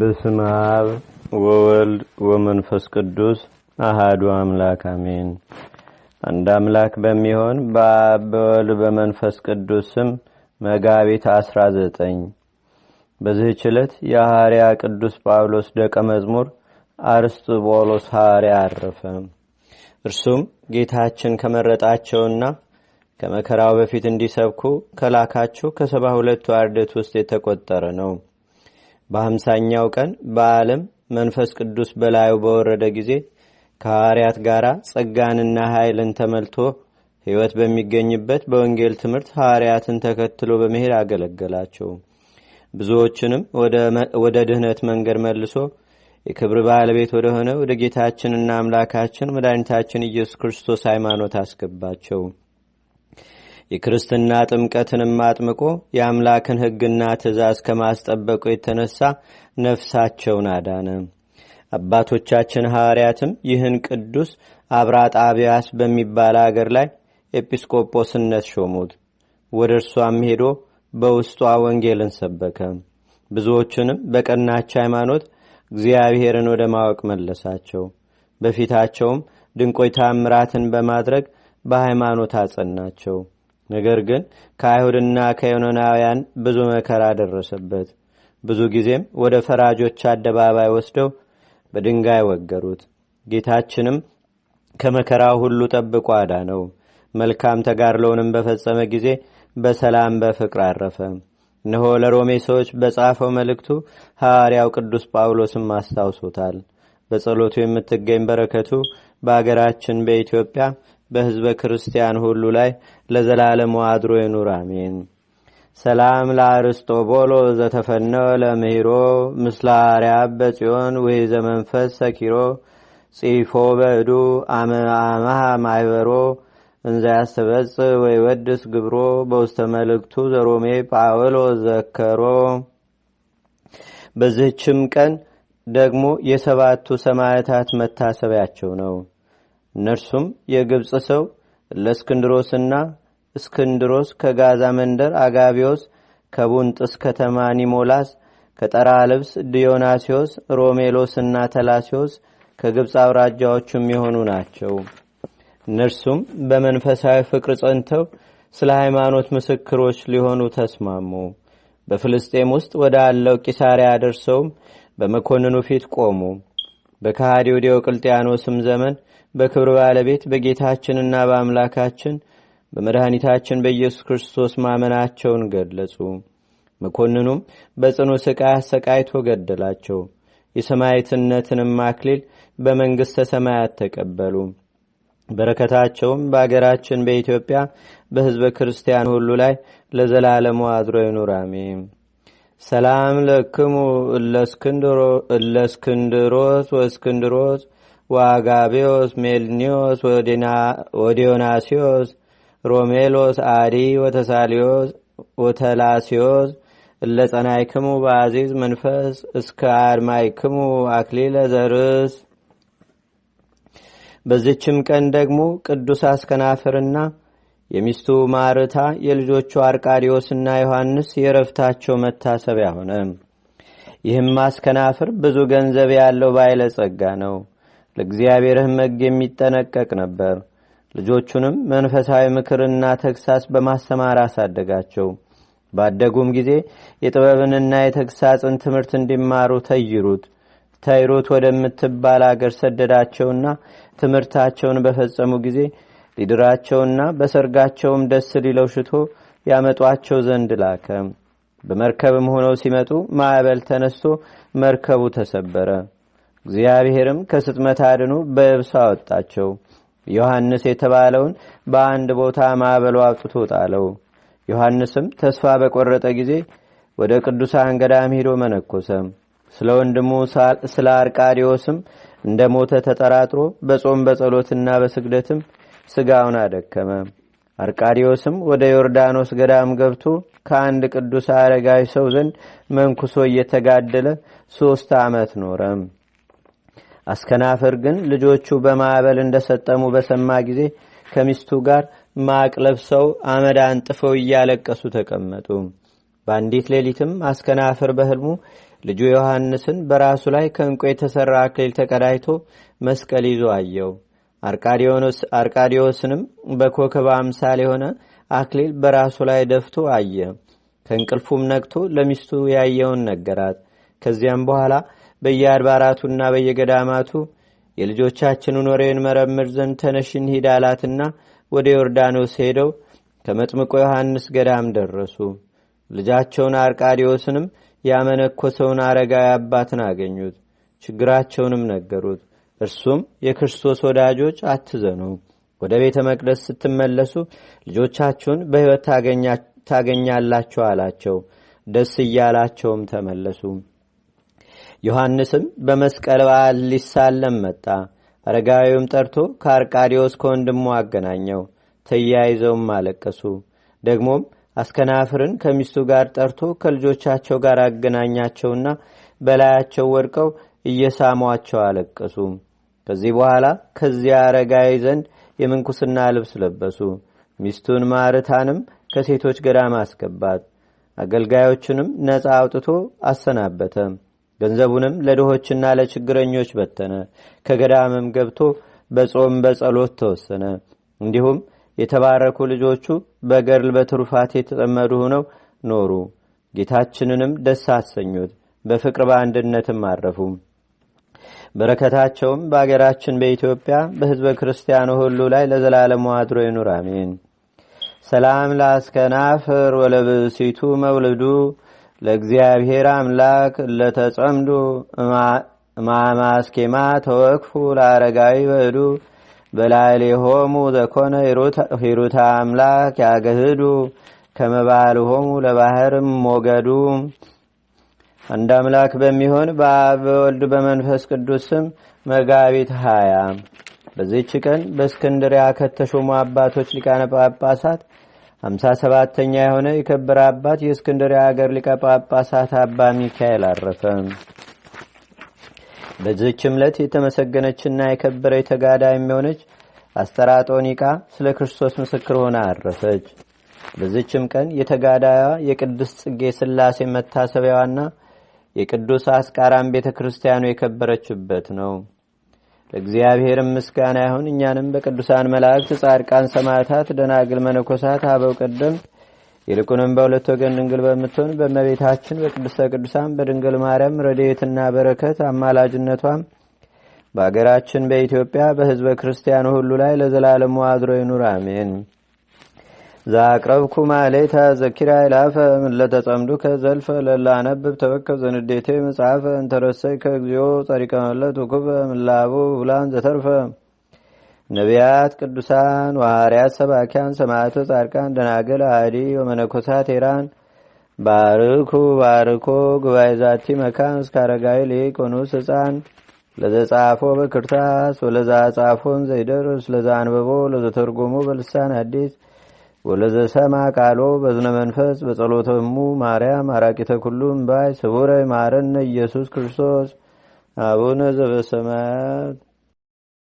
በስመ አብ ወወልድ ወመንፈስ ቅዱስ አህዱ አምላክ አሜን። አንድ አምላክ በሚሆን በአብ በወልድ በመንፈስ ቅዱስ ስም መጋቢት 19 በዚህች ዕለት የሐርያ ቅዱስ ጳውሎስ ደቀ መዝሙር አርስጥቦሎስ ሐዋርያ አረፈ። እርሱም ጌታችን ከመረጣቸውና ከመከራው በፊት እንዲሰብኩ ከላካችሁ ከሰባ ሁለቱ አርደት ውስጥ የተቆጠረ ነው። በአምሳኛው ቀን በዓለም መንፈስ ቅዱስ በላዩ በወረደ ጊዜ ከሐዋርያት ጋር ጸጋንና ኃይልን ተመልቶ ሕይወት በሚገኝበት በወንጌል ትምህርት ሐዋርያትን ተከትሎ በመሄድ አገለገላቸው። ብዙዎችንም ወደ ድህነት መንገድ መልሶ የክብር ባለቤት ወደሆነ ወደ ጌታችንና አምላካችን መድኃኒታችን ኢየሱስ ክርስቶስ ሃይማኖት አስገባቸው። የክርስትና ጥምቀትንም አጥምቆ የአምላክን ሕግና ትእዛዝ ከማስጠበቁ የተነሳ ነፍሳቸውን አዳነ። አባቶቻችን ሐዋርያትም ይህን ቅዱስ አብራ ጣቢያስ በሚባል አገር ላይ ኤጲስቆጶስነት ሾሙት። ወደ እርሷም ሄዶ በውስጧ ወንጌልን ሰበከ። ብዙዎችንም በቀናች ሃይማኖት እግዚአብሔርን ወደ ማወቅ መለሳቸው። በፊታቸውም ድንቆይ ታምራትን በማድረግ በሃይማኖት አጸናቸው። ነገር ግን ከአይሁድና ከዮኖናውያን ብዙ መከራ ደረሰበት። ብዙ ጊዜም ወደ ፈራጆች አደባባይ ወስደው በድንጋይ ወገሩት። ጌታችንም ከመከራው ሁሉ ጠብቆ አዳ ነው። መልካም ተጋድለውንም በፈጸመ ጊዜ በሰላም በፍቅር አረፈ። እነሆ ለሮሜ ሰዎች በጻፈው መልእክቱ ሐዋርያው ቅዱስ ጳውሎስም አስታውሶታል። በጸሎቱ የምትገኝ በረከቱ በአገራችን በኢትዮጵያ በሕዝበ ክርስቲያን ሁሉ ላይ ለዘላለም አድሮ ይኑር፣ አሜን። ሰላም ለአርስጦቦሎ ዘተፈነወ ለምሂሮ ምስለ አርያብ በጽዮን ውህ ዘመንፈስ ሰኪሮ ጽፎ በእዱ አመሃ ማይበሮ እንዘ ያስተበጽ ወድስ ግብሮ በውስተ መልእክቱ ዘሮሜ ጳውሎ ዘከሮ። በዚህችም ቀን ደግሞ የሰባቱ ሰማዕታት መታሰቢያቸው ነው። እነርሱም የግብፅ ሰው ለእስክንድሮስና እስክንድሮስ ከጋዛ መንደር አጋቢዎስ ከቡንጥስ ከተማ ኒሞላስ ከጠራ ልብስ ዲዮናሲዎስ ሮሜሎስና ተላሲዎስ ከግብፅ አውራጃዎቹም የሆኑ ናቸው። እነርሱም በመንፈሳዊ ፍቅር ጸንተው ስለ ሃይማኖት ምስክሮች ሊሆኑ ተስማሙ። በፍልስጤም ውስጥ ወደ አለው ቂሳሪያ ደርሰውም በመኮንኑ ፊት ቆሙ። በካሃዲው ዲዮቅልጥያኖስም ዘመን በክብር ባለቤት በጌታችንና በአምላካችን በመድኃኒታችን በኢየሱስ ክርስቶስ ማመናቸውን ገለጹ። መኮንኑም በጽኑ ሥቃይ አሰቃይቶ ገደላቸው። የሰማዕትነትንም አክሊል በመንግሥተ ሰማያት ተቀበሉ። በረከታቸውም በአገራችን በኢትዮጵያ በሕዝበ ክርስቲያን ሁሉ ላይ ለዘላለሙ አድሮ ይኑር፣ አሜን። ሰላም ለክሙ እለእስክንድሮስ ወእስክንድሮስ ወአጋቤዎስ ሜልኒዎስ ወዲዮናሲዮስ ሮሜሎስ አዲ ወተሳሊዮስ ወተላሲዮስ እለ ክሙ በአዚዝ መንፈስ እስከ ክሙ አክሊለ ዘርስ። በዚችም ቀን ደግሞ ቅዱስ አስከናፍርና የሚስቱ ማርታ የልጆቹ አርቃዲዎስና ዮሐንስ የረፍታቸው መታሰቢያ ሆነ። ይህም አስከናፍር ብዙ ገንዘብ ያለው ባይለጸጋ ነው። ለእግዚአብሔርህም መግ የሚጠነቀቅ ነበር። ልጆቹንም መንፈሳዊ ምክርና ተግሳስ በማሰማር አሳደጋቸው። ባደጉም ጊዜ የጥበብንና የተግሳጽን ትምህርት እንዲማሩ ተይሩት ተይሩት ወደምትባል አገር ሰደዳቸውና ትምህርታቸውን በፈጸሙ ጊዜ ሊድራቸውና በሰርጋቸውም ደስ ሊለው ሽቶ ያመጧቸው ዘንድ ላከ። በመርከብም ሆነው ሲመጡ ማዕበል ተነስቶ መርከቡ ተሰበረ። እግዚአብሔርም ከስጥመት አድኑ በብስ አወጣቸው። ዮሐንስ የተባለውን በአንድ ቦታ ማዕበሉ አውጥቶ ጣለው። ዮሐንስም ተስፋ በቆረጠ ጊዜ ወደ ቅዱሳን ገዳም ሄዶ መነኮሰ። ስለ ወንድሙ ስለ አርቃዲዎስም እንደ ሞተ ተጠራጥሮ በጾም በጸሎትና በስግደትም ስጋውን አደከመ። አርቃዲዎስም ወደ ዮርዳኖስ ገዳም ገብቶ ከአንድ ቅዱስ አረጋዊ ሰው ዘንድ መንኩሶ እየተጋደለ ሦስት ዓመት ኖረም። አስከናፍር ግን ልጆቹ በማዕበል እንደሰጠሙ በሰማ ጊዜ ከሚስቱ ጋር ማቅ ለብሰው አመድ አንጥፈው እያለቀሱ ተቀመጡ። በአንዲት ሌሊትም አስከናፍር በህልሙ ልጁ ዮሐንስን በራሱ ላይ ከእንቁ የተሠራ አክሊል ተቀዳይቶ መስቀል ይዞ አየው። አርቃዲዎስንም በኮከብ አምሳል የሆነ አክሊል በራሱ ላይ ደፍቶ አየ። ከእንቅልፉም ነግቶ ለሚስቱ ያየውን ነገራት። ከዚያም በኋላ በየአድባራቱና በየገዳማቱ የልጆቻችንን ኖሬን መረምር ዘንድ ተነሽን ሂዳላትና ወደ ዮርዳኖስ ሄደው ከመጥምቆ ዮሐንስ ገዳም ደረሱ። ልጃቸውን አርቃዲዎስንም ያመነኮሰውን አረጋዊ አባትን አገኙት። ችግራቸውንም ነገሩት። እርሱም የክርስቶስ ወዳጆች አትዘኑ፣ ወደ ቤተ መቅደስ ስትመለሱ ልጆቻችሁን በሕይወት ታገኛላችሁ አላቸው። ደስ እያላቸውም ተመለሱ። ዮሐንስም በመስቀል በዓል ሊሳለም መጣ። አረጋዊውም ጠርቶ ከአርቃዲዎስ ከወንድሞ አገናኘው። ተያይዘውም አለቀሱ። ደግሞም አስከናፍርን ከሚስቱ ጋር ጠርቶ ከልጆቻቸው ጋር አገናኛቸውና በላያቸው ወድቀው እየሳሟቸው አለቀሱ። ከዚህ በኋላ ከዚያ አረጋዊ ዘንድ የምንኩስና ልብስ ለበሱ። ሚስቱን ማርታንም ከሴቶች ገዳም አስገባት። አገልጋዮቹንም ነፃ አውጥቶ አሰናበተ። ገንዘቡንም ለድሆችና ለችግረኞች በተነ። ከገዳምም ገብቶ በጾም በጸሎት ተወሰነ። እንዲሁም የተባረኩ ልጆቹ በገርል በትሩፋት የተጠመዱ ሆነው ኖሩ። ጌታችንንም ደስ አሰኙት። በፍቅር በአንድነትም አረፉ። በረከታቸውም በአገራችን በኢትዮጵያ በህዝበ ክርስቲያኑ ሁሉ ላይ ለዘላለሙ አድሮ ይኑር። አሜን። ሰላም ለአስከናፍር ወለብሲቱ መውልዱ ለእግዚአብሔር አምላክ ለተጸምዱ ማማስኬማ ተወክፉ ለአረጋዊ በዱ በላዕሌሆሙ ዘኮነ ሂሩታ አምላክ ያገህዱ ከመባልሆሙ ለባህርም ሞገዱ አንድ አምላክ በሚሆን በአብ በወልድ በመንፈስ ቅዱስ ስም መጋቢት ሀያ በዚች ቀን በእስክንድሪያ ከተሾሙ አባቶች ሊቃነ ጳጳሳት አምሳ ሰባተኛ የሆነ የከበረ አባት የእስክንድርያ አገር ሊቀ ጳጳሳት አባ ሚካኤል አረፈ። በዚህች ዕለት የተመሰገነችና የከበረ የተጋዳ የሚሆነች አስተራጦኒቃ ስለ ክርስቶስ ምስክር ሆና አረፈች። በዚችም ቀን የተጋዳያ የቅዱስ ጽጌ ስላሴ መታሰቢያዋና የቅዱስ አስቃራም ቤተ ክርስቲያኑ የከበረችበት ነው። ለእግዚአብሔርም ምስጋና ይሁን። እኛንም በቅዱሳን መላእክት፣ ጻድቃን፣ ሰማዕታት፣ ደናግል፣ መነኮሳት፣ አበው ቀደም ይልቁንም በሁለት ወገን ድንግል በምትሆን በእመቤታችን በቅድስተ ቅዱሳን በድንግል ማርያም ረድኤትና በረከት አማላጅነቷም በአገራችን በኢትዮጵያ በሕዝበ ክርስቲያኑ ሁሉ ላይ ለዘላለሙ አድሮ ይኑር። አሜን። ዛቅረብኩ ማሌታ ዘኪራ ይላፈ ምለተ ጸምዱከ ዘልፈ ለላነብብ ተወከብ ዘንዴቴ መጽሐፈ እንተረሰይ ከእግዚኦ ጸሪቀ መለት ውክበ ምላቡ ብላን ዘተርፈ ነቢያት ቅዱሳን ዋርያት ሰባኪያን ሰማዕቶ ጻድቃን ደናገል አዲ ወመነኮሳት ቴራን ባርኩ ባርኮ ጉባኤ ዛቲ መካን እስከ አረጋዊ ሊቅ ወንኡስ ህፃን ለዘጻፎ በክርታስ ወለዛ ጻፎን ዘይደርስ ለዛ አንብቦ በልሳን አዲስ ወለዘሰማ ቃሎ በዝነ መንፈስ በጸሎተሙ ማርያም አራቂተ ኩሉም ባይ ስቡረ ማረነ ኢየሱስ ክርስቶስ አቡነ ዘበሰማያት